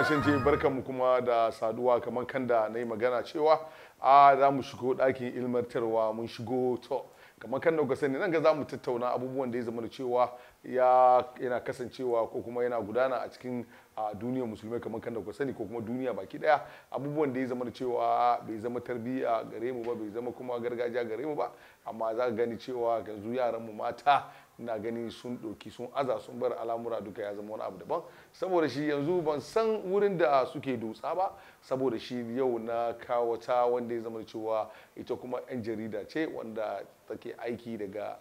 kashin ce mu kuma da saduwa kamar kan da na yi magana cewa a za mu shigo ɗakin ilmantarwa mun shigo to kamar kan da sani nan ga za mu tattauna abubuwan da ya zama da cewa ya yana kasancewa ko kuma yana gudana a cikin duniyar musulmai kamar kan da sani ko kuma duniya baki daya abubuwan da ya zama da cewa bai zama tarbiyya gare mu ba bai zama kuma gargajiya gare mu ba amma za ka gani cewa yanzu yaran mu mata ina gani sun ɗauki sun aza sun bar al'amura duka ya zama wani abu daban saboda shi yanzu ban san wurin da suke dutsa ba saboda shi yau na kawo ta wanda ya zama cewa ita kuma 'yan jarida ce wanda take aiki daga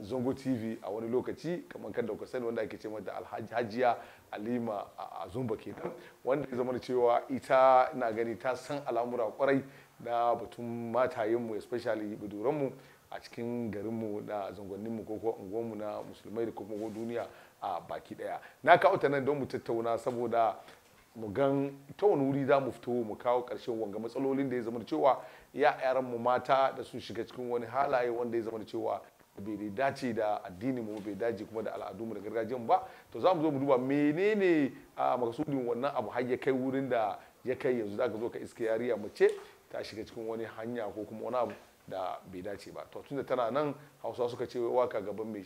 zongo tv a wani lokaci kamar kan dauka sani wanda ake ce mata alhajiya alima a uh, zumba kenan wanda ya zama cewa ita na gani ta san al'amura kwarai na batun matayenmu especially buduranmu a cikin garinmu da zangoninmu ko ko unguwanmu na musulmai da kuma duniya a baki daya na kawo ta nan don mu tattauna saboda mu gan ta wani wuri za mu fito mu kawo karshen wanga matsalolin da ya zama cewa ya yaran mu mata da sun shiga cikin wani halaye wanda ya zama cewa bai dace da addini mu bai dace kuma da al'adu mu da gargajiyan ba to za mu zo mu duba menene a makasudin wannan abu har ya kai wurin da ya kai yanzu za ka zo ka iska yariya mace ta shiga cikin wani hanya ko kuma wani abu da bai dace ba to tunda tana nan hausa suka ce waka gaban mai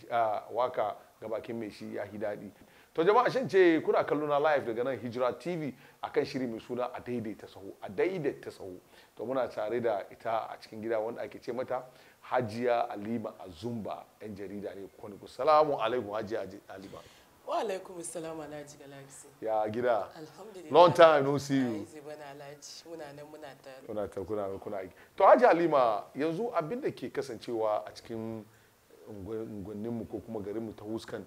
waka gabakin mai shi ya daɗi to jama'a shan ce kuna kallo na live daga nan hijira tv akan shiri mai suna a daidaita sahu a daidaita sahu to muna tare da ita a cikin gida wanda ake ce mata hajiya alima azumba yan jarida ne kwani salamu alaikum hajiya alima Wa alaikum assalam Alhaji Galaxy. Ya gida. Alhamdulillah. Long time no see you. Ai bana Alhaji muna nan muna ta. Muna ta kuna kuna aiki. To Haji Halima yanzu abin da ke kasancewa a cikin unguwannin mu ko kuma garin mu ta Huskan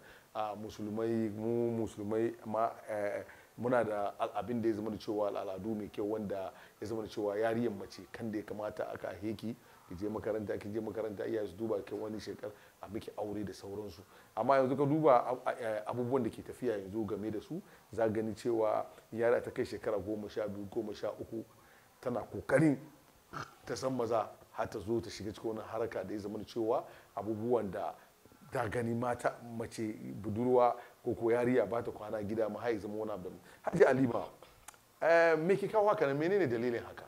musulmai mu musulmai ma eh, eh, muna da abin da ya zama da cewa al'adu mai kyau wanda ya zama da cewa yariyan mace kan da ya kamata aka heki ki je makaranta ki je makaranta iyaye su duba kai wani shekar a miki aure da sauransu amma yanzu ka duba abubuwan da ke tafiya yanzu game da su za gani cewa yara ta kai shekara goma sha biyu goma sha uku tana kokarin ta san maza har ta zo ta shiga cikin wani haraka da ya zama cewa abubuwan da ta gani mata mace budurwa ko ko yariya ba ta kwana gida ma har ya zama wani abu haji alima eh, me ke kawo haka menene dalilin haka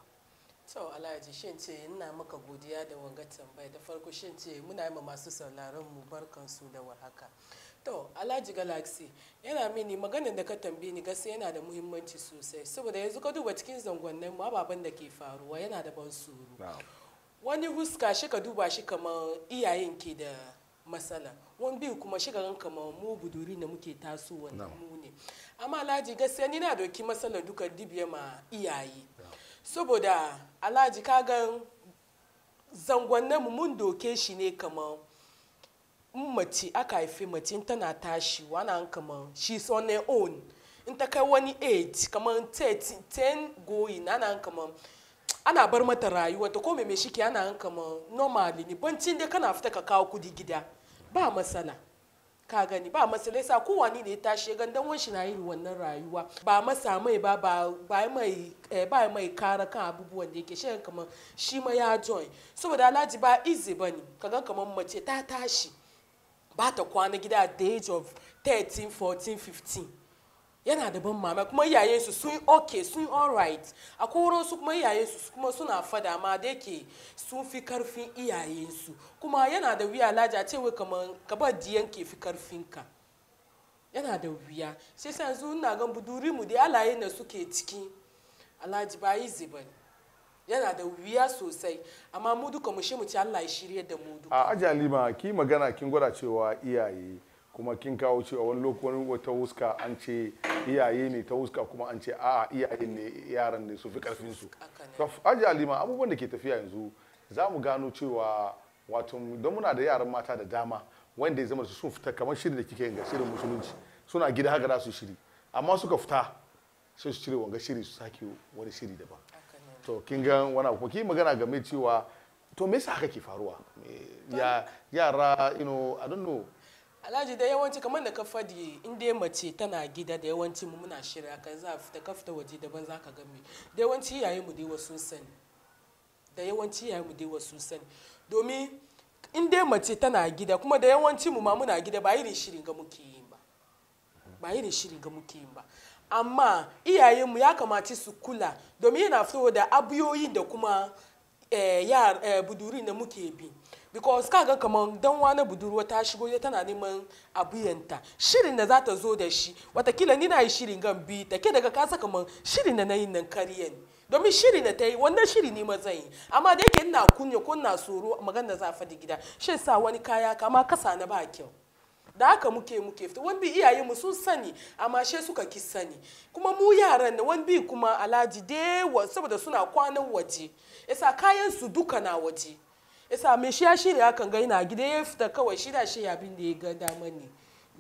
to alhaji shin ce ina maka godiya da wanga tambaya da farko shin ce muna yi masu sauraron mu barkan su da warhaka to alhaji galaxy yana mini maganin da ka tambaye ni gaskiya yana da muhimmanci sosai saboda yanzu ka duba cikin zangonnin mu ababen da ke faruwa yana da ban suru wani huska shi ka duba shi kamar iyayen ke da matsala wani biyu kuma shi garin kamar mu buduri da muke tasowa mu ne amma alhaji gaskiya ni na doki matsalar duka dibiya ma iyaye saboda alhaji kagan zangonnan mu mun doke shi ne kamar in mace aka haifi mace in tana tashi an kamar she's on her own in ta kai wani age kamar 10 going ana kamar ana bar mata rayuwa ta kome mai ke ana kamar normally ne bancin dai kana fita ka kawo kudi gida ba masana ka gani ba masalai sa kowane ne ya tashi gan dan wanshi na yin wannan rayuwa ba masa mai ba ba mai ba mai eh, kara kan abubuwan da yake shi kamar shi ma ya join saboda alhaji ba izi easy bane kaga kamar mace ta tashi ba ta kwana gida at the age of 13 14 15 yana da ban mama kuma su sun okay sun alright akwai su kuma su kuma suna fada ma da yake sun fi karfin su kuma yana da wuya laja ce wai kamar ka diyan ke fi karfin ka yana da wuya sai sa yanzu ina gan buduri mu da alaye na suke ciki alhaji ba yi yana da wuya sosai amma mu duka mu shi mu ci Allah ya shirye da mu a ajali ma ki magana kin gwada cewa iyaye kuma kin kawo cewa wani lokacin wata huska an ce iyaye ne ta huska kuma an ce a'a iyaye ne yaran ne su fi karfin su aji alima abubuwan da ke tafiya yanzu za mu gano cewa wato don muna da yaran mata da dama wanda ya zama su sun fita kamar shirin da kike yin ga shirin musulunci suna gida haka za su shiri amma suka fita sai su cire wanga shiri su sake wani shiri daban to kin ga wani abu kuma magana game cewa to me yasa haka ke faruwa ya yara you know i don't know alhaji da yawanci kamar da ka da in dai mace tana gida da yawanci mu muna shirya ka za fita ka fita waje daban za ka gami da yawanci yayi mu dai wasu sani da yawanci yayi mu dai wasu sani domin in dai mace tana gida kuma da yawanci mu ma muna gida ba irin shirin ga muke yi ba ba irin shirin ga muke yi ba amma iyayenmu ya kamata su kula domin yana fito da abiyoyin da kuma Eh, eh, buduri da muke bi because kaga kamar dan wani budurwa ta shigo ya tana neman abuyanta shirin da za ta zo da shi watakila ni na yi shirin gan bi take daga kasa kamar shirin da na yi nan kariya ne domin shiri da ta yi wannan shiri ne mazan yi amma da yake ina kunya ko ina tsoro magana za faɗi gida shi sa wani kaya kama kasa na ba kyau da haka muke muke fita wani bi iyaye mu sun sani amma she suka ki sani kuma mu yaran da wani bi kuma alhaji dewa saboda suna kwanan waje yasa kayan su duka na waje yasa mai shi ya shirya kan ga ina gida ya fita kawai shi da shi abin da ya ga dama ne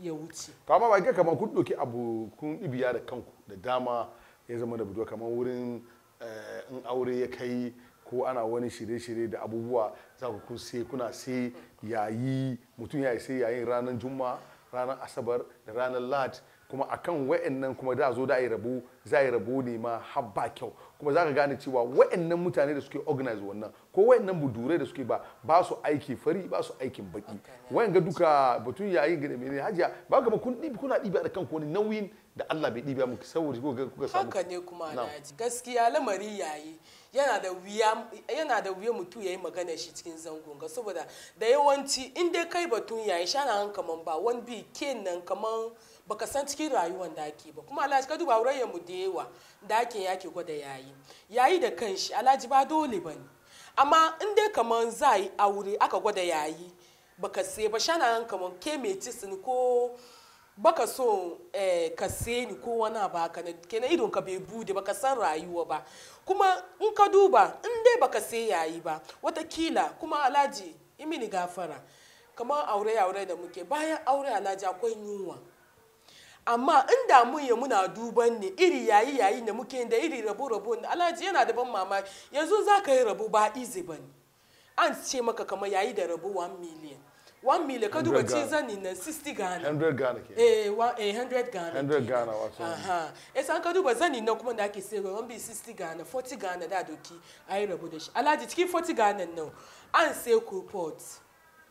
ya wuce to amma ba ga kamar kun doki abu kun ibiya da kanku da dama ya zama da buduwa kamar wurin eh, in aure ya kai ko ana wani shirye-shirye da abubuwa za ku kun sai kuna sai yayi mutum ya sai yayin ranar juma'a ranar asabar da ranar lahadi kuma akan wa'annan kuma da zo da yi rabo za yi rabo ne ma har ba kyau kuma za ka gane cewa wa'annan mutane da suke organize wannan ko wa'annan budurai da suke ba ba su aiki fari ba su aikin baki wayan ga duka batun yayi ga ne hajiya ba ga kun dibi kuna dibi da kanku wani nauyin da Allah bai dibi muku saboda kuka samu haka ne kuma gaskiya lamari yayi yana da wuya mutum ya yi magana shi cikin zango ga saboda da yawanci in dai kai batun yayi shana han kaman ba wani bi kenan kaman baka san cikin rayuwar da ake ba kuma alhaji ka duba ya mu da yawa da ake yake gwada yayi yayi da kanshi alhaji ba dole ba ne amma in dai kaman za yi aure aka gwada yayi baka sai ba shana han kaman ke mai ko baka so eh, ka ni ko wani ba ka na kenan idon ka bai bude baka san rayuwa ba kuma in ka duba in dai baka sai yayi ba watakila kuma alhaji imini gafara kamar aure aure da muke bayan aure alhaji akwai yunwa amma in mun ya muna duban ne iri yayi yayi da muke da iri rabo rabo ne alhaji yana da ban mamaki yanzu za ka yi rabo ba izi ba an ce maka kamar yayi da rabo 1 million one million ka duba cin zani na sixty ghana hundred ghana one eh, eh, eh hundred ghana hundred ghana wato aha eh ka duba zani na kuma da ake sayarwa wani bi 60 ghana forty ghana da doki ayi rabu da shi alhaji cikin 40 ghana nan an sai coupons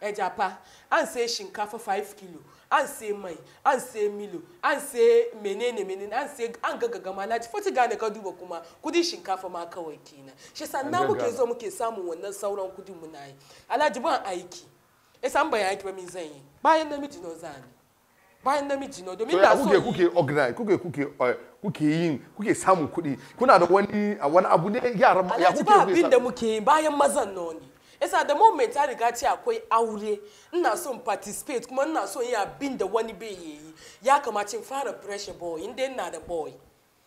ẹja eh, pa an sai shinkafa 5 kilo an sai mai an sai milo an sai menene menene an sai an gagaga malaji fati gane ka duba kuma kudi shinkafa ma kawai kenan shi sannan muke zo muke samun wannan sauran kudin muna yi alhaji ban aiki m esambanye m ji bayan namiji na ozani bayan namiji na domin na so kuke organize kuke kuke eh, kuke yin kuke samun kuɗi kuna da wani wani abu ne yaran ya kuke ba abin da muke yi bayan mazan nan ne yasa da moment ta riga ce akwai aure ina so m participate kuma ina so yi abin da wani bai yi ya kamace fara pressure boy inda ina da boy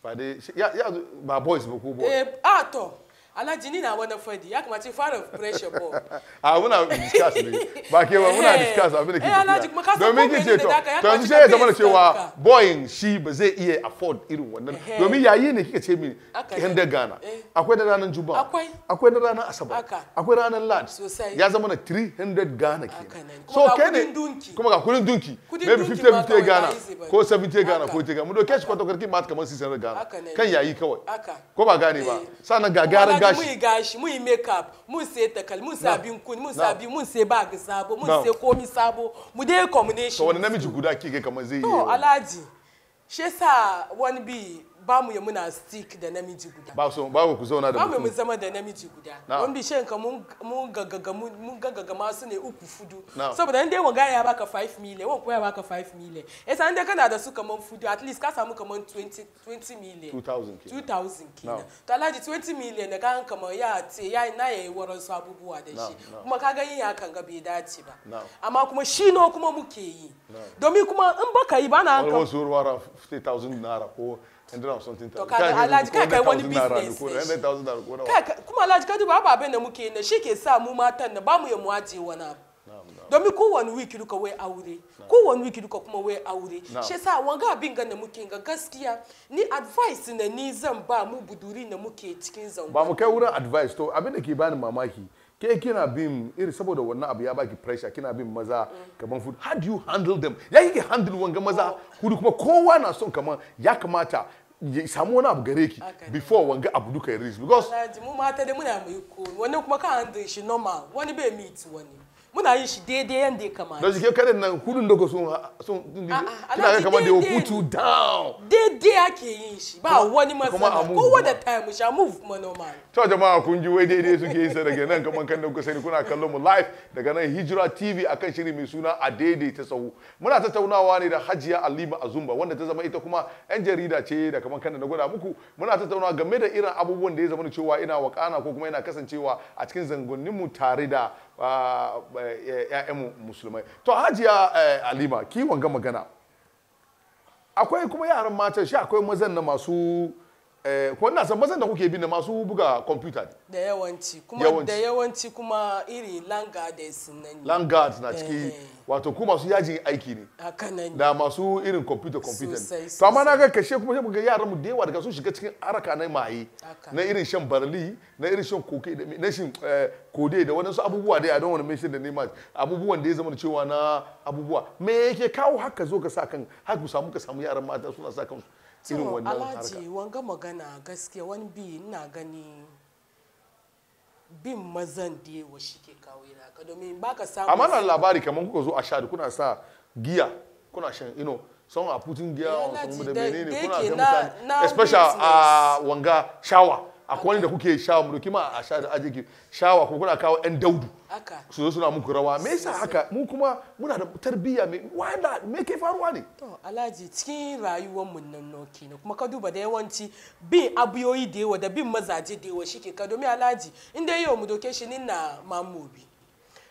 ba dai ya ba boys ba ko boy eh ato alhaji ni na wani fadi ya kuma kamata fara pressure ball a muna discuss ne ba ke ba muna eh, discuss abin da ke eh, tafiya domin ki ce to to yanzu sai ya zama da cewa boyin shi ba zai iya afford irin wannan eh, domin yayi ne kika ce min yan da gana akwai da ranar juba akwai akwai da ranar asabar akwai ranar lad ya zama na 300 gana ke so kai ne kuma ga kudin dunki maybe 50 50 gana ko 70 gana ko 80 gana mu doke shi kwatakwarki ma kamar 600 gana kan yayi kawai ko ba gane ba sannan ga gara gashi mun yi gashi mun makeup mun sai takal mun kun mun mun sai bag sabo mun sai komi sabo mu dai combination to wani namiji guda kike kamar zai yi to alaji wani bi ba mu ya muna stick da namiji guda ba so ba ku zauna da ba mu mu zama da namiji guda don bi shenka mun mun gagaga mun gagaga masu ne uku fudu saboda inda yawan gaya ya baka 5 million wan koya baka 5 million eh san dai kana da su kaman fudu at least ka samu kaman 20 20 million 2000 kenan 2000 kina to alhaji 20 million da kan kaman ya ce ya na yi waran su abubuwa da shi kuma ka ga yin hakan ga bai dace ba amma kuma shi no kuma muke yi domin kuma in baka yi ba na bana wasu ruwa 50000 naira ko hundred of something to kaga alhaji kai kai wani business kuma alhaji ka duba ababen da muke na shi ke sa mu matan da bamu ya mu aje wani abu domin kowane wiki duka wai aure kowane wiki duka kuma wai aure shi sa wanga abin ga da muke ga gaskiya ni advice na ni zan ba mu buduri na muke cikin zango ba mu kai wurin advice to abin da ke bani mamaki ke kina bin iri saboda wannan abu ya baki pressure kina bin maza kaman food how do you handle them ya kike handle wanga maza hudu kuma kowa na son kaman ya kamata ya samu wani abu gare ki before wanga abu duka ya reach because mu mata da muna mu ko wani kuma ka handle shi normal wani bai meet wani muna yin shi daidai yadda ya kamata da jike karin nan hudun da sun sun kina ga kamar da hutu down daidai ake yin shi ba wani matsala kowa da time sha move manoma to jama'a kun ji wai daidai suke yin sa daga nan kamar kan da kuka sani kuna kallon mu live daga nan Hijira TV akan shiri mai suna a daidai ta sahu muna tattaunawa ne da Hajiya Alima Azumba wanda ta zama ita kuma yan jarida ce da kamar kan da na gwada muku muna tattaunawa game da irin abubuwan da ya zama cewa ina wakana ko kuma ina kasancewa a cikin zangonnin mu tare da 'ya'yan musulmai to hajiya eh, alima kiwon ga magana akwai kuma yaran matan shi akwai mazan na masu Eh, kuma na san mazan da kuke bi na masu buga kwamfuta da yawanci kuma da yawanci kuma iri langarders nan ne langard na ciki eh. wato kuma masu yajin aiki ne haka nan da masu irin kwamfuta kwamfuta ne to amma na ga kashe kuma sai muga yaran mu da yawa daga sun shiga cikin araka na maye na irin shan barli na irin shan koke da na shin eh, kode da su abubuwa dai a don wani mention da ne ma abubuwan da ya zama cewa na abubuwa me yake kawo haka zo ka sa kan haka samu ka samu yaran mata suna sa kansu irin wannan harka alhaji wanga magana gaskiya wani bi ina gani bin mazan da yawa shi ke kawo yana ka domin ba ka samu amma na labari kamar kuka zo a sha kuna sa giya kuna shan ino son a putin giya eh, on sun da menene kuna ga mutane especially a wanga shawa akwai wani da kuke shawa mu doki ma a sha aje ki shawa ko kuna kawo ɗan daudu su zo suna muku rawa me yasa haka mu kuma muna da tarbiyya me wanda me ke faruwa ne to alhaji cikin rayuwar mu nan no ne kuma ka duba da yawanci bin abiyoyi da yawa da bin mazaje da yawa shike ka domin alhaji inda yau mu doke shi nina mamobi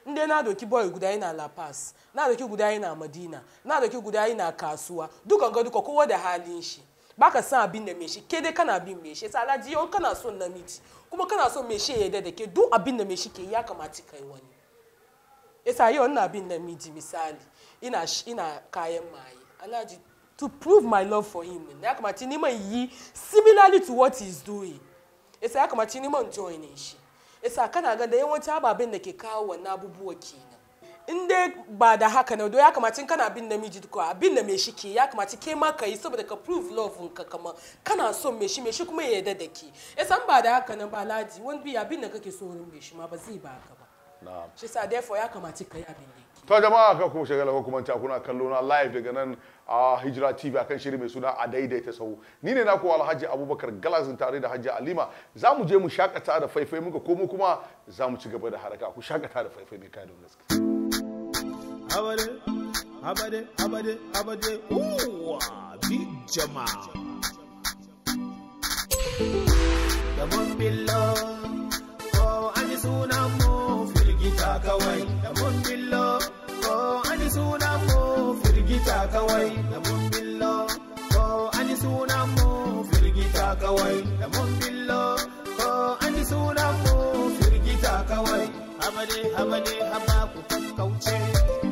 inda na doki boy guda yana la pass na doki guda yana madina na doki guda yana kasuwa duka ga duka kowa da halin shi baka san abin da meshe ke dai kana bin meshe sai alhaji yau kana son namiji kuma kana son meshe ya yarda da ke duk abin da meshe ke ya kamata kai wani yasa yau ina bin namiji misali ina ina kayan maye alhaji to prove my love for him ya kamata ni man yi similarly to what he's doing yasa ya kamata ni man join shi yasa kana ga da yawanci ababen da ke kawo wannan abubuwa kenan in dai ba da haka na ya kamata kana bin namiji ko abin da me shi ke ya kamata ke ma ka yi saboda ka prove love ka kama kana son me shi me shi kuma ya yarda da ke ya san ba da haka na ba ladi wani biya abin da kake so wurin me shi ma ba zai ba ka ba shi sa therefore ya kamata ka yi abin da to jama'a ka kuma shagala ko kuma kuna kallo na live daga nan a hijira tv akan shiri mai suna a daidaita sau ni ne naku alhaji abubakar galazin tare da hajji alima za mu je mu shakata da faifai muka komo kuma za mu ci gaba da haraka ku shakata da faifai mai kayan gaske. abade, abade, abade, abade, ooh, big jama. The moon below, oh, and it's soon I'm more, firgita kawai. The moon below, oh, and it's soon I'm more, firgita kawai. The moon below, oh, and it's soon I'm more, firgita kawai. The one below, oh, and it's soon I'm more, firgita kawai. Abade, abade, abaku, kauche.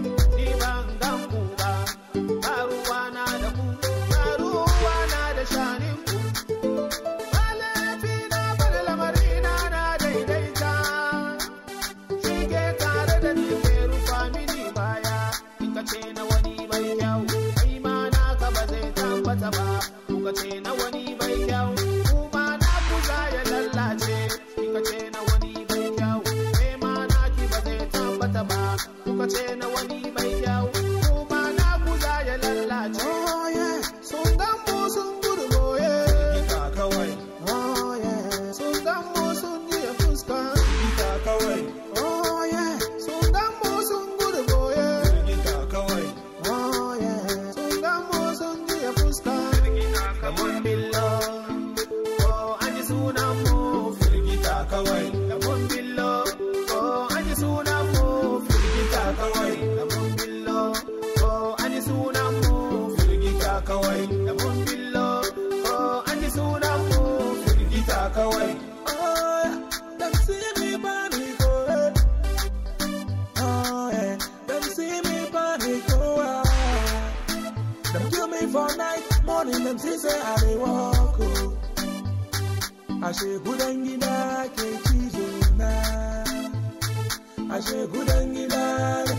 ugangidare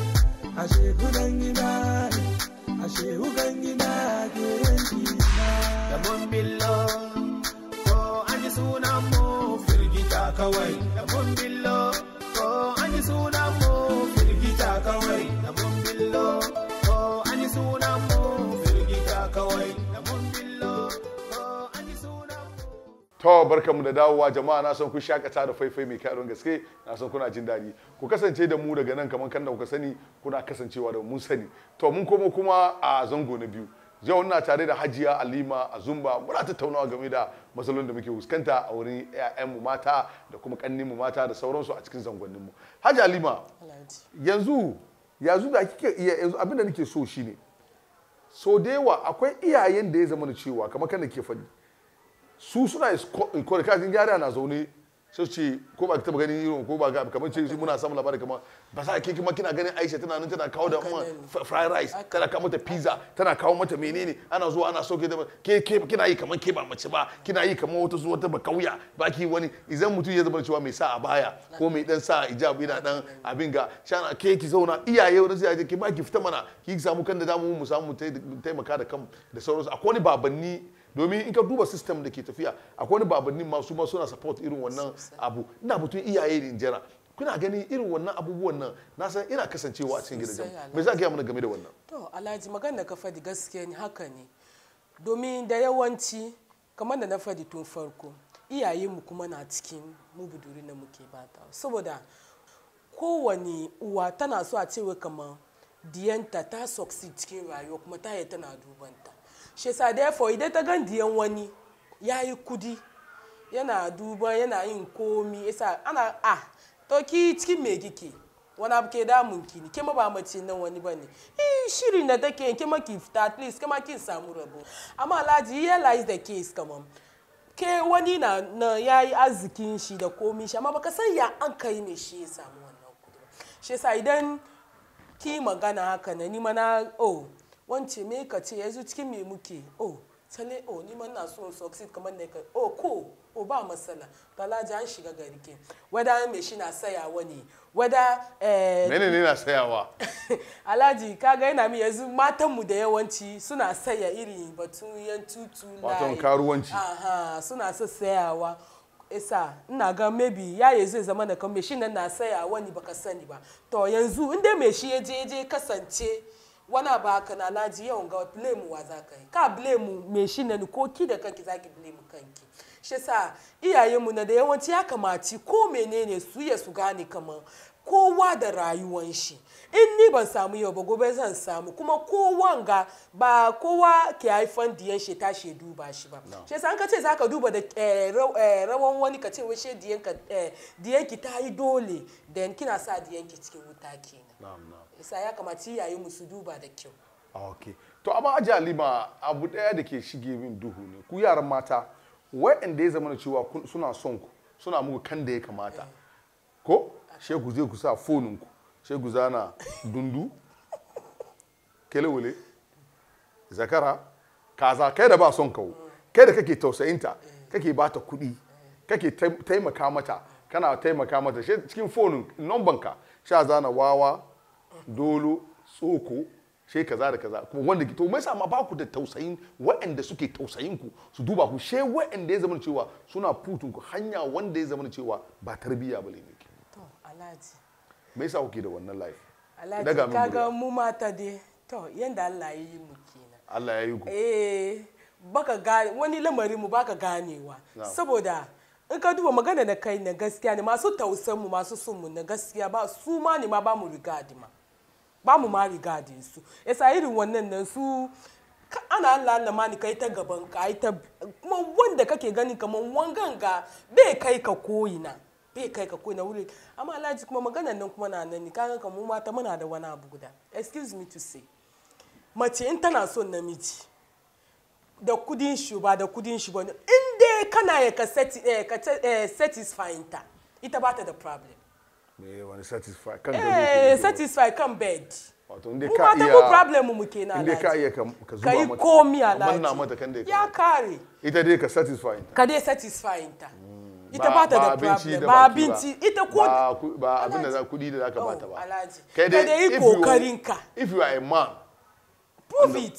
the kugangidare ashe ugangidare kentina da mun billo ko an ji sunan mu firgita kawai da mun billo ko an ji sunan To barkanmu da dawowa jama'a na san ku shakata da faifai mai karin gaske na san kuna jin daɗi ku kasance da mu daga nan kamar kan da kuka sani kuna kasancewa da mun sani to mun komo kuma a zango na biyu yau ina tare da Hajiya Alima a zumba muna tattaunawa game da matsalolin da muke fuskanta a wurin ƴaƴan mu mata da kuma kannin mu mata da sauransu a cikin zangonnin mu Haji Alima yanzu yanzu da kike iya yanzu abin da nake so shine so da yawa akwai iyayen da ya zama cewa kamar kan ke faɗi su suna iskore kajin yara na zaune sai ce ko ba taba ganin irin ko ba ga kamar ce muna samun labari kamar ba sa ke kuma kina ganin Aisha tana nan tana kawo da kuma fried rice tana kawo mata pizza tana kawo mata menene ana zuwa ana soke da ke ke kina yi kamar ke ba mace ba kina yi kamar wata zuwa ta bakauya ba ki wani idan mutum ya zama cewa mai sa a baya ko mai dan sa hijab yana dan abin ga shana ke ki zauna iyaye wani zai ki ba ki fita mana ki samu kan da damu mu samu mu taimaka da kan da sauransu akwai wani babanni domin in ka duba system da ke tafiya akwai wani babanni masu ma suna support irin wannan abu ina batun iyaye ne jira kuna gani irin wannan abubuwan nan na san ina kasancewa a cikin gidajen me za ka gaya mana game da wannan to alhaji magana ka fadi gaskiya ne haka ne domin da yawanci kamar da na fadi tun farko iyayenmu kuma na cikin mubuduri na muke bata saboda kowane uwa tana so a cewa kamar diyanta ta succeed cikin rayuwa kuma ta yi tana dubanta shi sa therefore idan ta gan diyan wani ya yi kudi yana duba yana yin komi yasa ana a ah, to ki cikin me kike wani abu ke damun ki ne kima ba mace nan wani ba eh shiri na take kima ki fita at least kima ki samu rabo amma alhaji ya lies da case kaman ke wani na, na ya yi arzikin shi da komi shi amma baka san ya an kai ne shi ya samu wannan kudi shi yasa idan ki magana haka na ni mana oh wance me ka ce yanzu cikin me muke oh sane oh ni man na so succeed kamar ne ka oh ko o ba masala talaji an shiga ke wada me shi na sayawa ne wada eh mene ne na sayawa alhaji kaga yana mi yanzu matan mu da yawanci suna saya iri batun yan tutu na wato karuwanci aha suna sa sayawa isa ina ga maybe ya yi zai zama na kan me shi nan na sayawa ne baka sani ba to yanzu inda me shi ya je je kasance wana ba haka na naji yawan ga blame wa za ka yi ka blame me shi na ko ki da kanki za ki blame kanki shi sa iyayenmu na da yawanci ya kamaci ko menene su ya su gane kamar kowa da rayuwan shi in ni ban samu yau ba gobe zan samu kuma kowan ga ba kowa ke haifan diyan shi ta she duba shi ba shi sa an ka ce zaka duba da eh, eh, rawan wani ka ce wai she eh, ki ta yi dole da kina sa diyan ki cikin wuta kenan isa ya kamaci yayi musu duba da kyau ah, okay to amma aji jalima abu daya da ke shige min duhu ne ku yaran mata wa'anda ya zama cewa suna son ku suna muku kan da ya kamata eh. ko shegu zai ku sa fonin ku shegu zana dundu kelewale zakara kaza kai da ba son kawo mm. kai da kake tausayinta eh. kake ba ta kuɗi eh. kake taimaka mata kana taimaka mata cikin fonin nombanka sha zana wawa dolo tsoko she kaza da kaza kuma wanda to mai ma ba ku da tausayin waɗanda suke tausayin ku su duba ku she waɗanda ya zama cewa suna putun ku hanya wanda ya zama cewa ba tarbiyya ba ne to alhaji me yasa kuke da wannan life alhaji kaga mu mata dai to yanda Allah ya yi mu kenan Allah ya yi ku eh baka gane wani lamari mu baka ganewa saboda in ka duba magana na kai na gaskiya ne masu tausan mu masu sunmu mu na gaskiya ba su ma ne ma ba mu rigadi ma ba mu ma rigadin su yasa irin wannan nan su ana Allah ma ni kai ta gaban ka ai ta kuma wanda kake gani kaman wangan ga bai kai ka koyina bai kai ka koyina wuri amma Alhaji kuma maganar nan kuma na nan ni kaga mu mata muna da wani abu guda excuse me to say mace in tana son namiji da kudin shi ba da kudin shi ba in dai kana ya ka eh, eh, satisfying ta ita ba ta da problem me eh, wani satisfy kan gado eh satisfy kan bed wato inda ka iya mu problem mu kenan inda ka iya ka zuba mata kai komi alaji manna mata kan da ya kare ita dai ka satisfy ta ka dai satisfy ta hmm, ita ba ta da problem ba abinci ita ko ba abin da za kudi da zaka bata ba oh, kai dai kokarin ka if you are a man prove it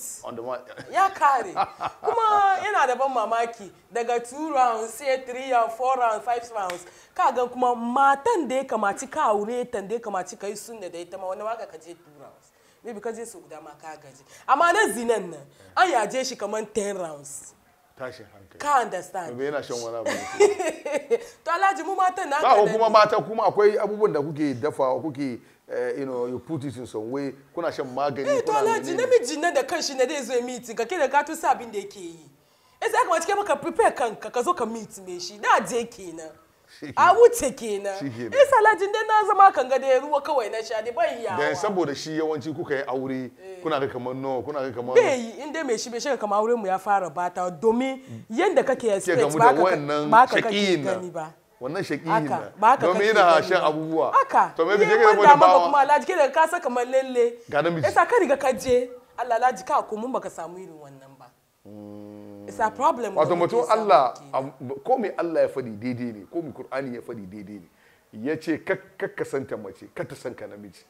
ya kare kuma yana da ban mamaki daga two rounds sai three rounds four rounds five rounds k'a ga kuma matan da ya kamaci ka aure tan da ya kamaci kai sun da da ita ma wani waka ka je two rounds maybe ka je su guda ma ka gaji amma na zinan nan an yaje shi kaman 10 rounds hankali ka understand me yana shan wani abu to alhaji mu matan na ka kuma matan kuma akwai abubuwan da kuke dafawa kuke Eh, you know you put it in some way kuna shem magani eh to alhaji mi nan da kanshi na zai zo ya meeting ka kira ka tusa abin de ke yi eh sai kamata kai maka prepare kan ka zo ka meet me shi na je kenan a wuce kenan eh salajin dai na zama kan ga ruwa kawai na sha dai bai yawa dan saboda shi yawanci kuka yi aure eh. kuna ga kamar no kuna ga kamar bai yi inda me shi bai shiga kamar auren mu ya fara bata domin yanda kake expect ba ka ba ka gani ba wannan shaƙihin ne domin yana hashe abubuwa haka to me bije kai da bawa kuma alhaji kai ka saka kamar lalle ga yasa ka riga ka je Allah alhaji ka ko mun baka samu irin wannan ba hmm. isa problem wato mutum Allah ko me Allah ya fadi daidai ne ko me Qur'ani ya fadi daidai ne yace kakka santa mace ka ta sanka namiji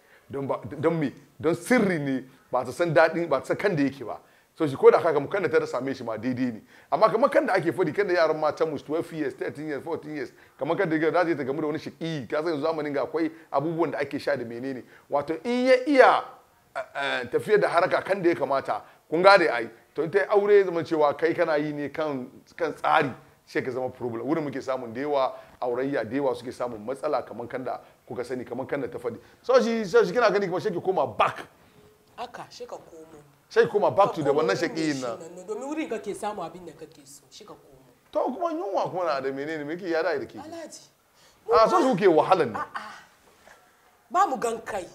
don me don sirri ne ba ta san daɗi ba ta san kan da yake ba so shi ko da haka kan da ta same shi ma daidai ne amma kamar kan da ake fadi kan da yaran mata mu 12 years 13 years 14 years kamar kan da za ta gamu da wani shiki ka san zamanin ga akwai abubuwan da ake sha da menene wato in ya iya eh, eh, tafiyar da haraka kan da ya kamata kun gane ai to ta aure zama cewa kai kana yi ne kan kan tsari sai ka zama problem wurin muke samun da yawa aurayya da yawa suke samun matsala kamar kan da kuka sani kamar kan da ta faɗi so shi so shi kina gani kuma shi ke koma back aka shi ka komo sai kuma back to the wannan shaƙiyin na domin wurin kake samu abin da kake so shi ka komo to kuma yunwa kuma na da menene me ya da yake alhaji a so su ke wahalan ne ba mu gan kai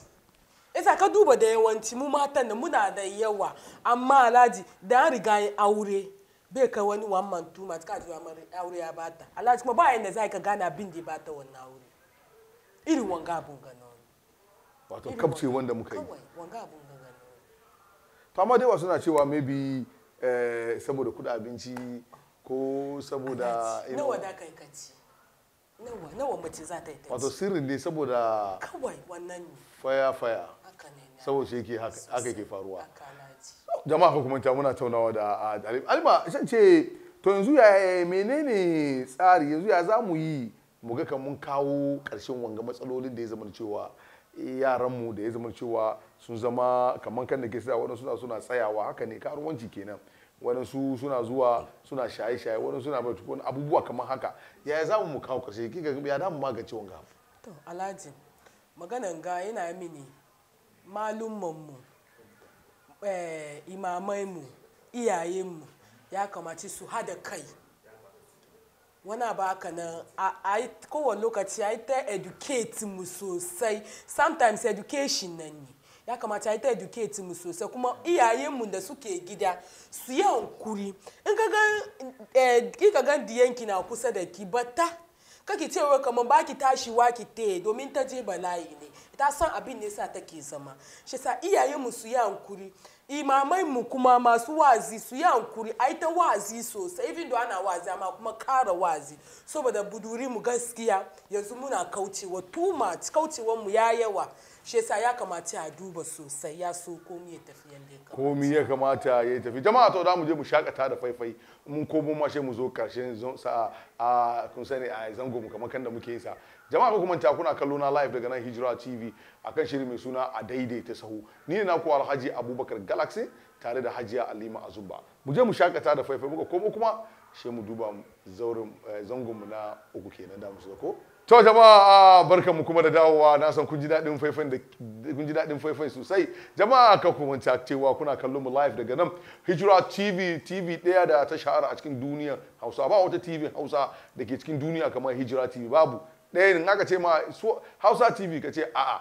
isa ka duba da yawanci mu matan da muna da yawa amma alhaji da an riga yin aure bai kai wani one man two man ka jiwa aure ya bata alhaji kuma ba yanda za ka gane abin da ya bata wannan aure irin wanga abun ganon wato kabce wanda muka yi wanga abun to amma dai wasu na cewa maybe eh, saboda kuɗin abinci ko saboda nawa da kai kaci nawa nawa mace za ta yi wato sirrin ne saboda kawai wannan ne faya faya saboda shi yake haka yake faruwa jama'a hukumanta muna taunawa da alima shan ce to yanzu ya menene tsari yanzu ya za mu yi mu ga kan mun kawo ƙarshen wanga matsalolin da ya zama cewa eh, yaranmu da ya zama cewa sun zama kamar kan da ke sa wani suna suna tsayawa haka ne karuwanci kenan su suna zuwa suna shaye-shaye wani suna bai tukun abubuwa kamar haka ya za mu kawo ƙarshe kika ya damu magance wanga to alhaji maganan ga yana mini mu eh, iyaye mu ya kamata su hada kai wani abu haka nan a kowane lokaci a yi ta educate mu sosai sometimes education nan ne ya kamata ya ta educate mu sosai kuma iyayenmu da suke gida su yi hankuri in ka gan eh, diyanki na kusa da ki batta kake cewa kamar ba ki tashi wa ki te domin ta je bala'i ne ta san abin ne sa take zama shi sa iyayenmu su yi hankuri imamai mu kuma masu wazi su yi hankuri a ta wazi sosai even da ana wazi amma kuma kara wazi saboda buduri mu gaskiya yanzu muna kaucewa too much kaucewa mu ya yawa shi yasa ya kamata a duba sosai ya so komi ya tafi yadda ya kamata komi ya kamata ya tafi jama'a to da mu je mu shakata da faifai mun komo ma mu zo karshen sa a kun sani a zango mu kamar kanda muke sa jama'a ko kuma kuna kallo na live daga nan Hijira TV akan shiri mai suna a daidaita sahu ni ne na naku Alhaji Abubakar Galaxy tare da Hajiya Alima Azuba mu je mu shakata da faifai muka komo kuma sai mu duba eh, zangon mu na uku kenan da mu ko to jama'a barkanku kuma da dawowa na san kun ji daɗin faifan da kun ji daɗin faifan sosai jama'a ka ku mun cewa kuna kallon mu live daga nan hijira tv tv ɗaya da ta shahara a cikin duniya hausa ba wata tv hausa da ke cikin duniya kamar hijira tv babu ɗaya ne aka ce ma hausa tv ka ce a'a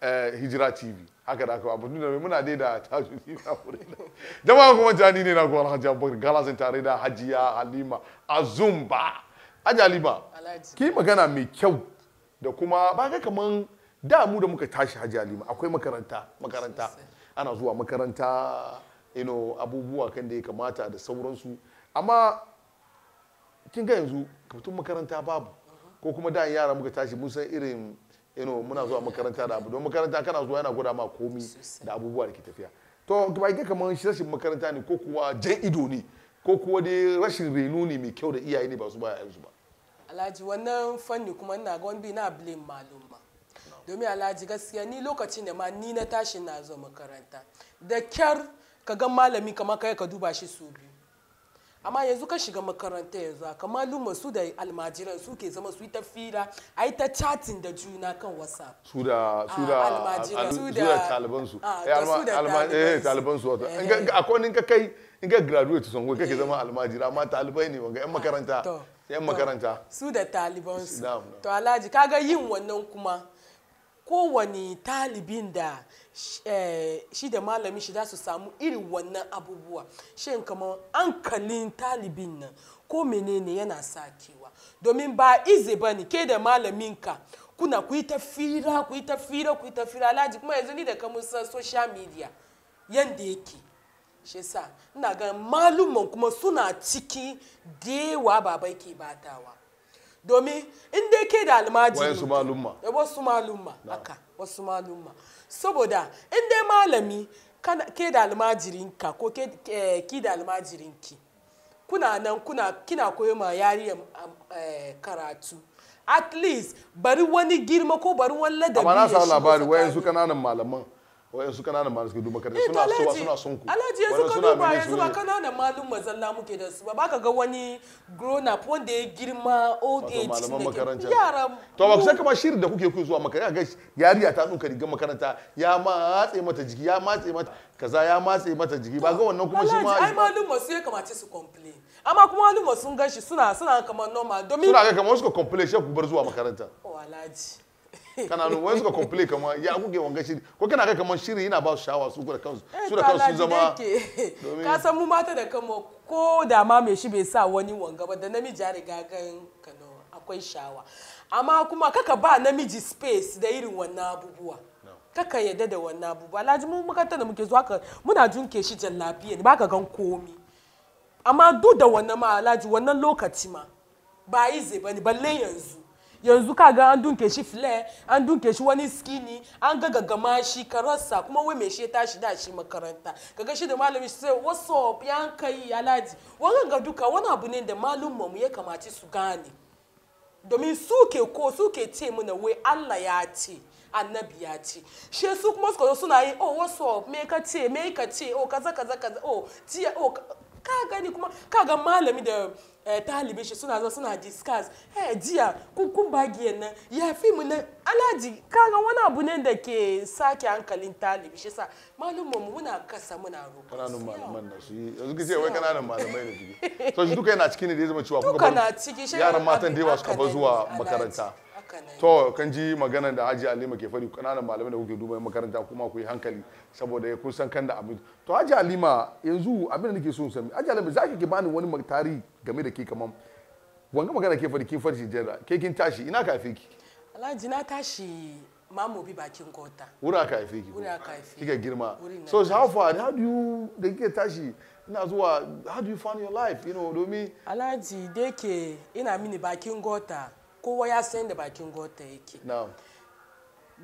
eh, hijira tv haka da aka abu nuna muna dai da tajuri na wurin jama'a kuma jani ne na kuma alhaji abubakar galazin tare da hajiya halima azumba Ajalima ki magana mai kyau da kuma ba ga kaman da mu da muka tashi Hajalima akwai makaranta makaranta ana zuwa makaranta you know, abubuwa kan da ya kamata da sauransu amma kin ga yanzu kabtun makaranta babu ko kuma da yara muka tashi mun san irin you know, muna zuwa makaranta da abu don makaranta kana zuwa yana gwada ma komi da abubuwa da ke tafiya to ba ga kaman rashin makaranta ne ko kuwa jan ido ne ko kuwa dai rashin reno ne mai kyau da iyaye ne ba su ba yanzu ba alhaji wannan fanni kuma ina ga wani na blame ma domin alhaji gaskiya ni lokacin da ma ni na tashi na zo makaranta da kyar ka ga malami kamar kai ka duba shi su biyu amma yanzu ka shiga makaranta yanzu haka maluma su da almajiran su ke zama su yi ta fira a yi ta chatting da juna kan whatsapp su da su da ah, almajiran su da taliban ah, eh, su eh taliban su wato eh. akwai in ka kai in ka graduate sun kai ke eh. zama almajira amma talibai ne wanga yan ah, makaranta yan makaranta su da taliban su to alhaji kaga yin wannan kuma kowane talibin da eh, shi da malami shi za su samu irin wannan abubuwa shin kamar ankalin talibin nan ko menene yana sakewa domin ba izi ba ne ke da malaminka kuna ku yi ta fira ku yi ta fira ku yi ta fira alhaji kuma yanzu ni da san social media yanda yake shi sa ina ga malumman kuma suna ciki da baba babai ke batawa domin in dai ke da almajiri eh, wasu malumma wasu malumma haka wasu malumma saboda in dai malami ke da ka ko ke da ki kuna nan kuna kina koyo ma yariyar eh, karatu at least bari wani girma ko bari wani ladabi amma na sa labari su kananan malaman wayansu kananan ma suke duba kada eh, suna so suna son ku alhaji yanzu ka duba yanzu ba kananan malum mazalla muke da su ba baka ga wani grown up wanda ya girma old age malaman yara to ba kusa kamar shirin da kuke ku zuwa makaranta ga yariya ta duka rigar makaranta ya matse mata jiki ya matse mata kaza ya matse mata jiki ba ga wannan kuma shi ma ai malum masu ya kamace su complain amma kuma malum sun gashi suna suna kamar normal domin suna ga kamar su complain shi ku bar zuwa makaranta oh alhaji kana nan wai suka complain kamar ya kuke wanga shiri ko kana kai kamar shiri ina ba su shawa su da kansu eh, su da kansu sun zama ka san mu mata da kanmu ko da ma me shi bai sa wani wanga ba da namiji ya riga kan kano akwai shawa amma kuma kaka ba namiji space da irin wannan abubuwa kaka yadda da wannan abubuwa alhaji mu makarantar da muke zuwa ka muna junke shi lafiya ne baka gan komi amma duk da wannan ma alhaji wannan lokaci ma ba ize bane balle yanzu yanzu ka ga an dunke shi flair an dunke shi wani skini an ga gagama shi kararsa kuma wai mai shi ya tashi da shi makaranta kaga shi da malami sai wasu yan kai alaji wannan ga duka wani abu ne da malumman mu ya kamaci su gane domin su ke ko su ke ce mana wai Allah ya ce annabi ya ce she su kuma su zo suna yi oh wasu me ka ce me ka ce oh kaza kaza kaza oh tiya oh ka gani kuma ka ga malami da Eh, talibin shi suna zo suna discuss eh jiya kun bagi nan ya fi mu nan alaji kaga wani abu ne da ke sake hankalin talibi shi sa malumman mu muna kasa muna roƙo kananan malaman na su yanzu kace wai kananan malamai ne so shi duka yana cikin ne da ya zama cewa kuka bar yaran matan da yawa suka bar zuwa makaranta to kan ji maganar da Haji Halima ke fari kananan malamai da kuke duba makaranta kuma ku yi hankali saboda ya kun san kan da abu. to Haji Halima yanzu abin da nake so sami Haji Halima zaki ki bani wani tarihi game da ke kaman wanga magana ke fari kin farshi jera ke kin tashi ina ka haife ki Alhaji na tashi mamu bi bakin kota wura ka haife ki wura haife kika girma so how far how do you da kike tashi ina zuwa how do you find your life you know domin Alhaji da ke ina mini bakin gota kowa ya san da bakin gota yake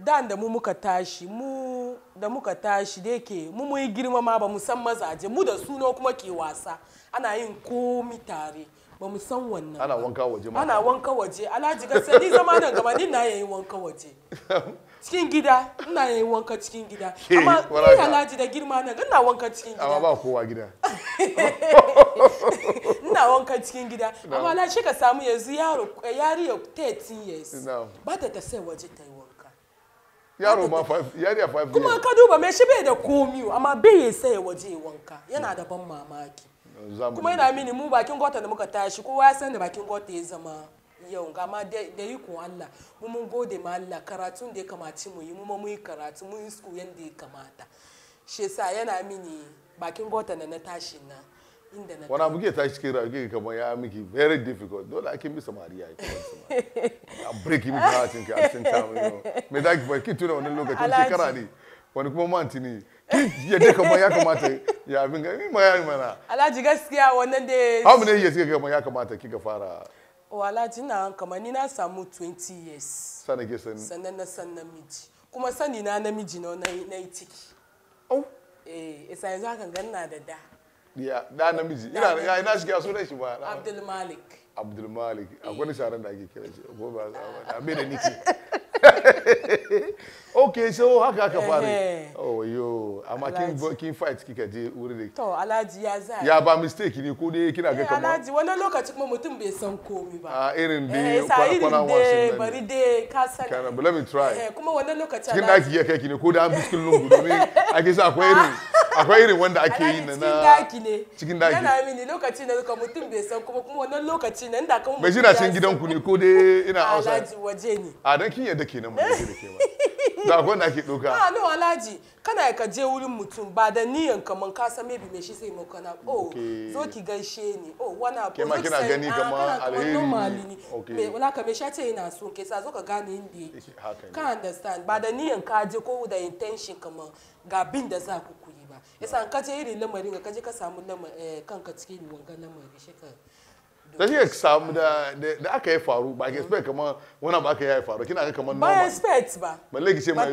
dan da mu muka tashi mu da muka tashi da yake mu mu yi girma ma ba mu san mazaje mu da suno kuma ke wasa ana yin komi tare ba mu san wannan ana wanka waje ana wanka waje alhaji ga ni zama nan ni na yayin wanka waje cikin gida ina yin wanka cikin gida amma ni halaji da girma nan ina wanka cikin gida amma ba kowa gida ina wanka cikin gida amma na shi ka samu yanzu yaro ya 13 years ba ta sai waje ta yi wanka yaro ma 5 yariya 5 years kuma ka duba me shi bai da komi amma bai ya sai waje wanka yana da ban mamaki kuma yana mini mu bakin gota da muka tashi kowa ya san da bakin gota ya zama yau gama da yi kun Allah mu mun gode ma Allah karatun da ya kamaci mu yi mu ma mu yi karatu mu yi su yanda ya kamata shi yasa yana mini bakin gota na na tashi na inda na wani abu ke tashi cikin rage kamar ya miki very difficult dole ake bi samariya ya kuma samariya a break miki hatin ki a cikin tamu me za ki bai ki tuna wani lokacin shekara ne wani kuma manti ne ya dai kamar ya kamata ya abin ga ma ya mana alhaji gaskiya wannan dai abu ne ya suka kamar ya kamata kika fara o alhaji na kamar ni na samu 20 years sannan ke sannan sannan na san namiji kuma sani na namiji na na yi ciki oh eh isa yanzu hakan ganna da da ya da namiji ina ya ina shiga sunan shi ba abdul malik abdul malik akwai eh. sharan da ake kira shi ko ba a me da niki ok so haka aka fara oh yo amma kin kin fight kika je wuri ne to alhaji ya za ya ba mistake ne ko dai kina ga kamar alhaji wani lokaci kuma mutum bai san komai ba ah, eh, a irin dai kwana wasu bari dai ka san kana let me try kuma wani lokaci cikin daki ya kai ne ko da an biskin lungu domin a sa akwai irin akwai irin wanda ake yi na cikin daki ne cikin yana mini lokaci na mutum bai san kuma kuma wannan lokaci na inda kuma bai jira cin ne ko dai ina outside alaji waje ne a dan kin yadda kenan mu da ke ba da akwai wanda ake doka a ah, no alaji kana ka je wurin mutum ba da niyan kaman ka san maybe me shi sai mu kana oh zo ki gaishe ni oh wani abu kema kina gani ah, kaman alheri ne wala ka me shace ina so ke sa zo ka gane inda yake ka understand ba da niyan ka je ko da intention kaman ga bin da za ku yasa ka je irin lamarin ka je ka samu eh, kanka cikin wanga lamari shi ka da shi samu da da aka yi faru ba ke expect kamar wani ba ka yi faru kina ga kamar normal ba expect ba balle ki ce ma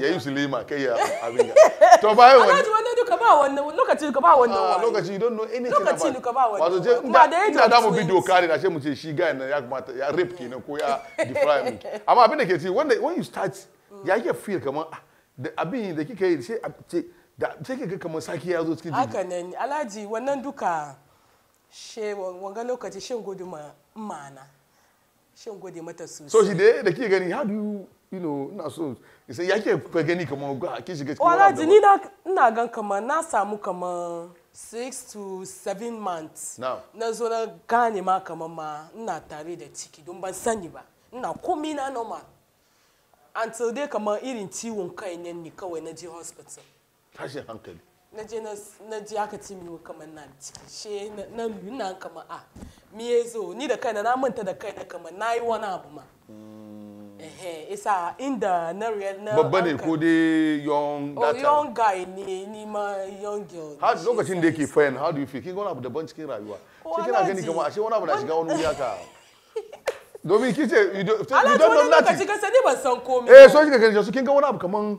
ya yi sulima kai ya abin ga to ba wannan wani wannan duka ba wannan lokaci duka ba wannan ah, wani lokaci don no anything about lokaci duka ba wannan da da mu bidiyo kare da mu ce shi na ya kamata ya rape ko ya me amma abin da ke ci when you start ya feel ah, kika da sai kai kamar saki ya zo cikin jini haka nan alhaji wannan duka she wanga lokaci shin gudu ma mana shin gode mata sosai so shi dai da ke gani how do you you know ina so sai yake ka gani kamar ke shiga cikin alhaji ni na ina gan kamar na samu kamar 6 to 7 months na zo na gane ma kamar ma ina tare da ciki don ban sani ba ina komi na normal until dai kamar irin ciwon kai ne ni kawai na je hospital tashin hankali na je na ji aka ce min kamar na ciki she na nuna kamar a ah, mi ya zo ni da kaina na manta da kaina kamar na yi wani abu ma hmm. ehe isa inda na real na babba ne ko dai young data oh, young guy ne ni ma young girl har lokacin da yake fayan how do you feel kin wani abu daban cikin rayuwa sai kina gani kamar ashe wani abu da shiga wani wuri ka domin kice you don't know nothing alhaji wani lokaci ka sani ban san komai eh so kika gani su kin ga wani abu kamar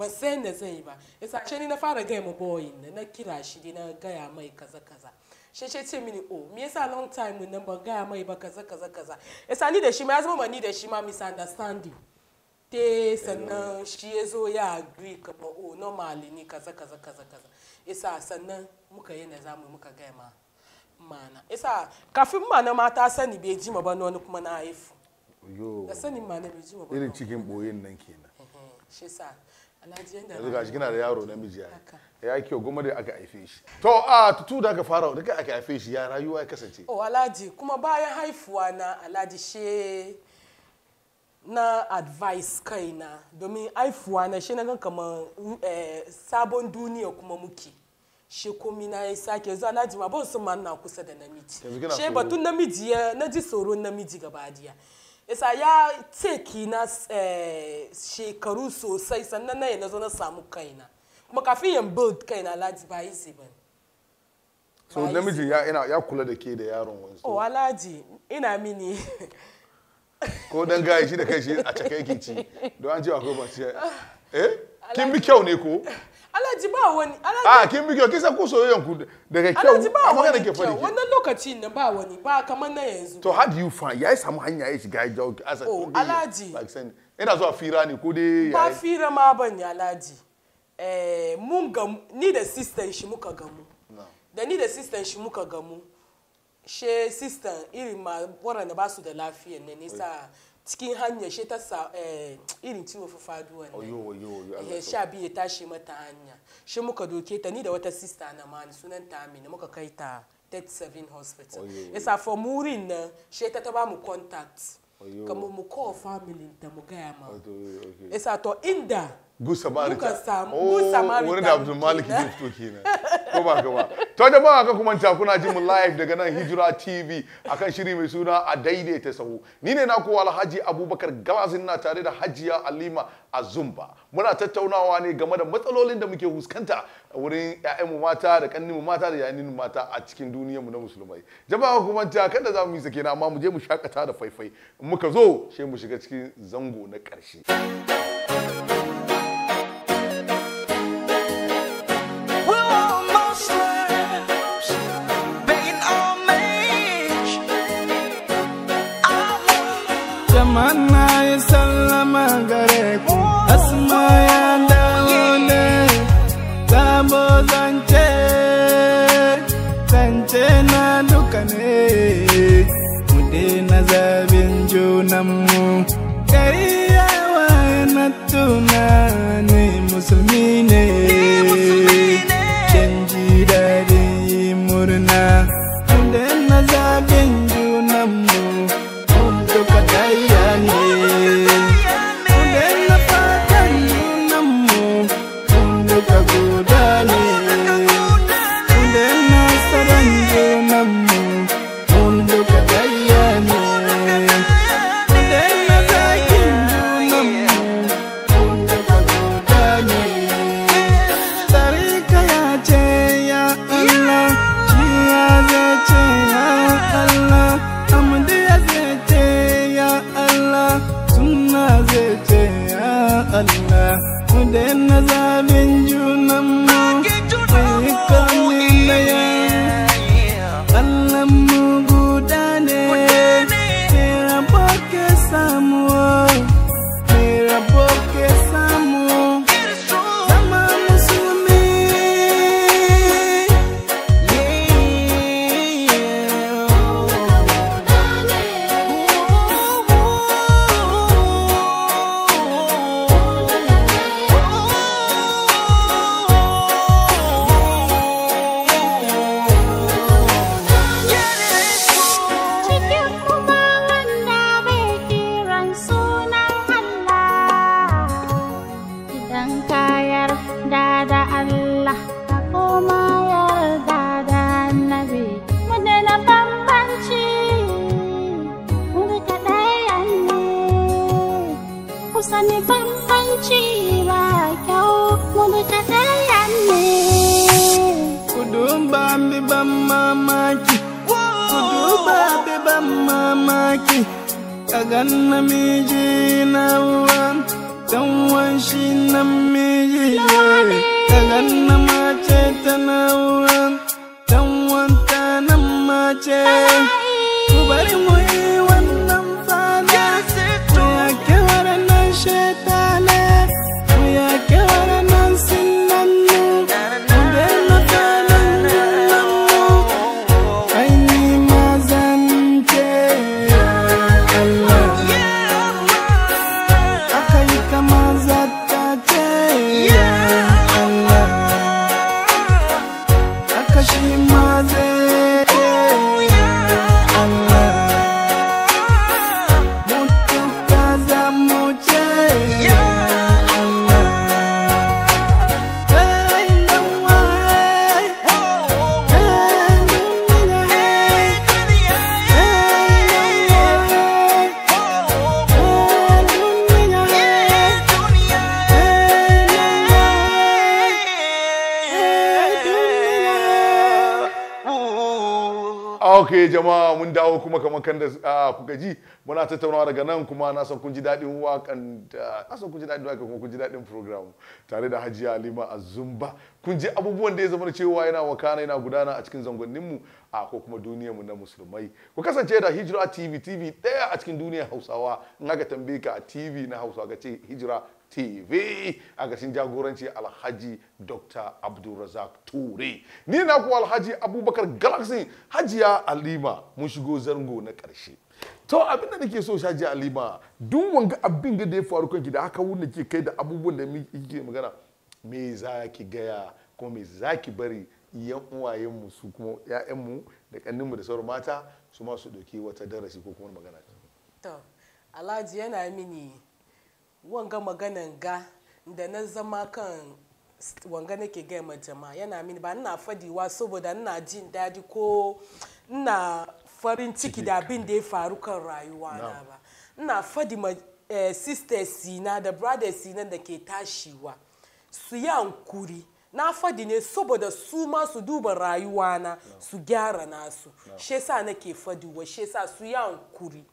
ban san yadda zan yi ba yasa ce ni na fara gaya ma boyin na na kira shi ne na gaya mai kaza kaza shi ce ce mini o oh, me yasa long time nan ba gaya mai ba kaza kaza kaza yasa ni da shi ma ya zama ni da shi ma misunderstanding te sannan shi ya zo ya agree ba o oh, normally ni kaza kaza kaza kaza yasa sannan muka yi na zamu muka gaya ma mana yasa kafin mana ma ta sani bai ji ma ba wani kuma na haifu da sanin mana bai ji ma ba irin cikin boyin nan kenan shi sa yanzu shi kina da yaro namiji ya ya kyau goma da aka haife shi to a tutu da aka fara da aka haife shi ya rayuwa ya kasance Oh alhaji kuma bayan haifuwa na alhaji she na advice kai na domin haifuwa na shi na gan kamar eh, sabon duniya kuma muke She komi na ya sake zuwa Alhaji jima ban sun ma na kusa da namiji She batun namiji ya na ji tsoron namiji gaba daya yasa ya teki na eh, shekaru sosai sannan na yanzu na samu kaina kuma kafin yin build kaina alhaji ba yi ba so namiji ya kula da ke da yaron wanzu oh alhaji ina mini ko dan gaya shi da kai shi a cakai kici ci don an ce akwai ba ah. eh kin bi kyau ne ko Alhaji ba wani. Alhaji. A ah, kin bi kyau kisa ku soyayyan ku daga kyau. Alhaji ba wani kyau. Fari. Wannan lokacin nan ba wani ba kamar na yanzu. To how do you find? Yayi samu hanya ya shiga ya jawo asa. Oh Alhaji. Ina zuwa fira ne ko dai Ba fira ma ban ya Alhaji. Eh mun ga ni da sister shi muka gamu. Da ni da sister shi muka gamu. She sister irin ma waɗanda ba su da lafiya ne nisa. Yeah. cikin hanya shi ta sa eh, irin ciwo fufa duwan ne sha biyu ya tashi mata hanya shi muka doke ta ni da wata sista na mani sunan ta amina muka kai ta 37 hospital yasa for murin nan shi ta ta ba mu contact kamar mu call family ta mu gaya ma yasa to inda good samaritan oh, da abdul malik zai fito kenan ko ba gaba to da ba ka kuma ta kuna jin mu live daga nan hijira tv akan shiri mai suna a daidaita sahu ni ne na ko alhaji abubakar galazin na tare da hajiya alima a azumba muna tattaunawa ne game da matsalolin da muke huskanta wurin mu mata da mu mata da mu mata a cikin duniyar mu na musulmai jama'a kuma ta kada za mu yi sake na amma mu je mu shakata da faifai muka zo sai mu shiga cikin zango na ƙarshe. kuma da kuka ji muna tattaunawa daga nan kuma na san kun ji daɗin wakan da na san kun ji daɗin wakan kuma kun ji daɗin program tare da Hajiya Halima Azumba kun ji abubuwan da ya zama cewa yana wakana yana gudana a cikin zangonnin mu a ko kuma duniyar mu na musulmai ku kasance da Hijira TV TV ɗaya a cikin duniyar Hausawa in aka tambaye ka a TV na Hausawa ka ce Hijira tv a gashin jagoranci alhaji dr abdulrazak ture ni na ku alhaji abubakar galaxy hajiya alima mun shigo zango na ƙarshe to abin da nake so shaji alima duk wanga abin da ya faru kanki da haka wanda ke kai da abubuwan da muke magana me za gaya kuma me za bari yan mu su kuma mu da mu da sauran mata su ma su ɗauki wata darasi ko kuma magana to alhaji yana mini wanga maganan ga da na zama kan wanga nake ga ma jama'a yana mini ba ina fadiwa saboda ina jin daɗi ko ina farin ciki da abin da ya faru kan rayuwa na ba ina fadi ma eh, sister sina da brothers sina da ke tashiwa su yi hankuri na fadi ne saboda su ma su duba rayuwa na su gyara nasu shesa nake fadiwa shesa su yi hankuri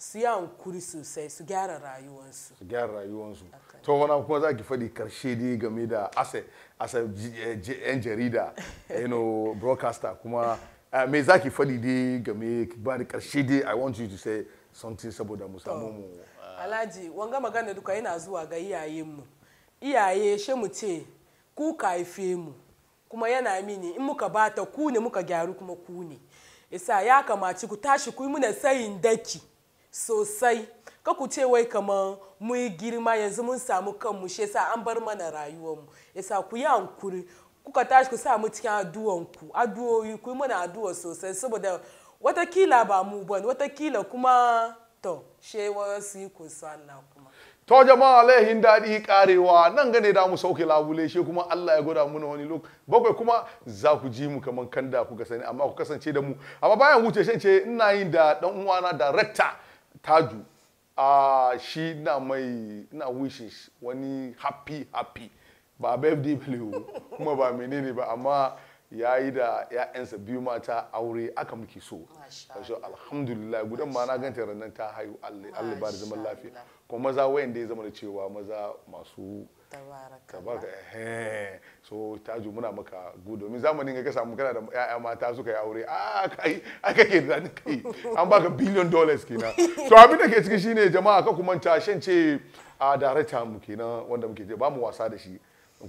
su yi hankuri sosai su gyara rayuwarsu. su gyara rayuwarsu to wani kuma za ki faɗi karshe dai game da asa yan jarida you broadcaster kuma eh, me za ki faɗi dai game ba da karshe dai i want you to say something saboda mu samu mu eh. alhaji wanga magana duka yana zuwa ga iyayenmu iyaye she mu ce ku kaife mu kuma yana mini in muka bata ku ne muka gyaru kuma ku ne isa ya kamaci ku tashi ku yi muna sayin daki sosai ka ku ce wai kamar mu yi girma yanzu mun samu kanmu shi yasa an bar mana rayuwarmu yasa ku yi hankuri kuka tashi ku sa mu cikin addu'anku addu'o'i ku yi mana addu'a sosai saboda watakila ba mu bane watakila kuma to she wasu yi ku Allah kuma to jama'a laihin daɗi karewa nan gane da mu sauke labule shi kuma Allah ya gwada muna wani lokaci bakwai kuma za ku ji mu kaman kanda ku sani amma ku kasance da mu amma bayan wuce shi ce ina yin da dan uwana director taju a shi na mai na wishes wani happy happy ba birthday bale kuma ba menene ba amma ya yi da ya'yansa biyu mata aure aka muke so kashe alhamdulillah gudan ma na ganta rannan ta hayu allah bar zaman lafiya kuma maza wayanda ya zama da cewa maza masu tabaraka ba eh, so taju muna maka gu domin zamanin ga ka samu kana da ya'ya mata suka yi aure a ah, kai aka ke da kai an baka billion dollars kenan to abin da ke ciki shine jama'a ka kuma ta shan ce a darakta mu kenan wanda muke je ba mu wasa da shi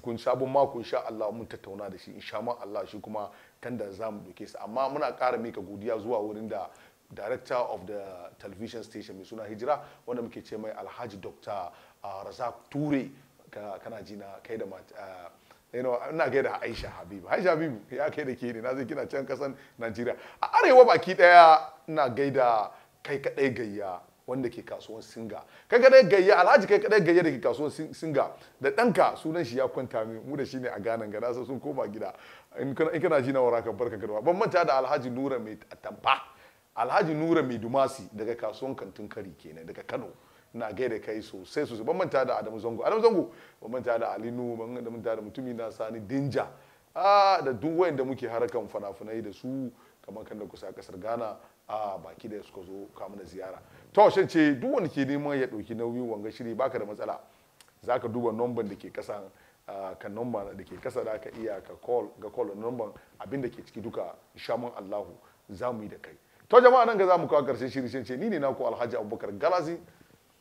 kun sabon mako insha Allah mun tattauna da shi insha ma Allah shi kuma tanda zamu za mu doke sa amma muna ƙara mika godiya zuwa wurin da director of the television station mai suna hijira wanda muke ce mai alhaji dr razak ture kana ji na kai da ah, ina ina kai da Aisha Habibu Aisha Habibu ya kai da ke ne na zai kina can kasan Najeriya a arewa baki daya ina gaida kai kadai gayya wanda ke kasuwan singa kai kadai gayya alhaji kai kadai gayya da ke kasuwan singa da ɗanka sunan shi ya kwanta min mu da shi ne a ganan gada sai sun koma gida in kana ji na waraka barka garba ban manta da alhaji nura mai tamfa alhaji nura mai dumasi daga kasuwan kantin kari kenan daga kano na gaida kai sosai sosai ban manta da Adamu Zango Adamu Zango ban manta da Alinu ban manta da mutumi na Sani Dinja a da duk da muke harakan fanafunai da su kamar kan da kusa kasar Ghana a baki da suka zo kamu na ziyara to shan ce duk wanda ke neman ya dauki nauyin wanga shiri baka da matsala zaka duba nomban da ke kasa kan nomba da ke kasa da ka iya ka call ga call nomban abin da ke ciki duka insha Allahu za mu yi da kai to jama'a nan ga za mu kawo karshen shirin ce ni ne naku Alhaji Abubakar Galazi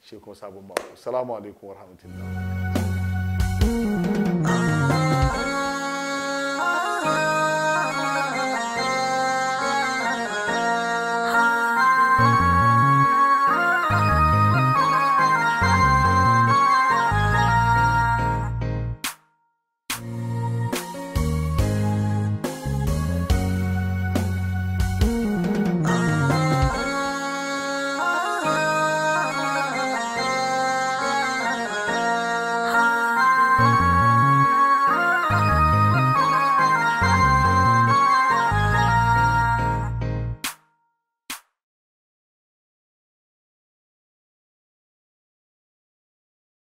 shi kuma sabon mako salamu alaikum warahmatullahi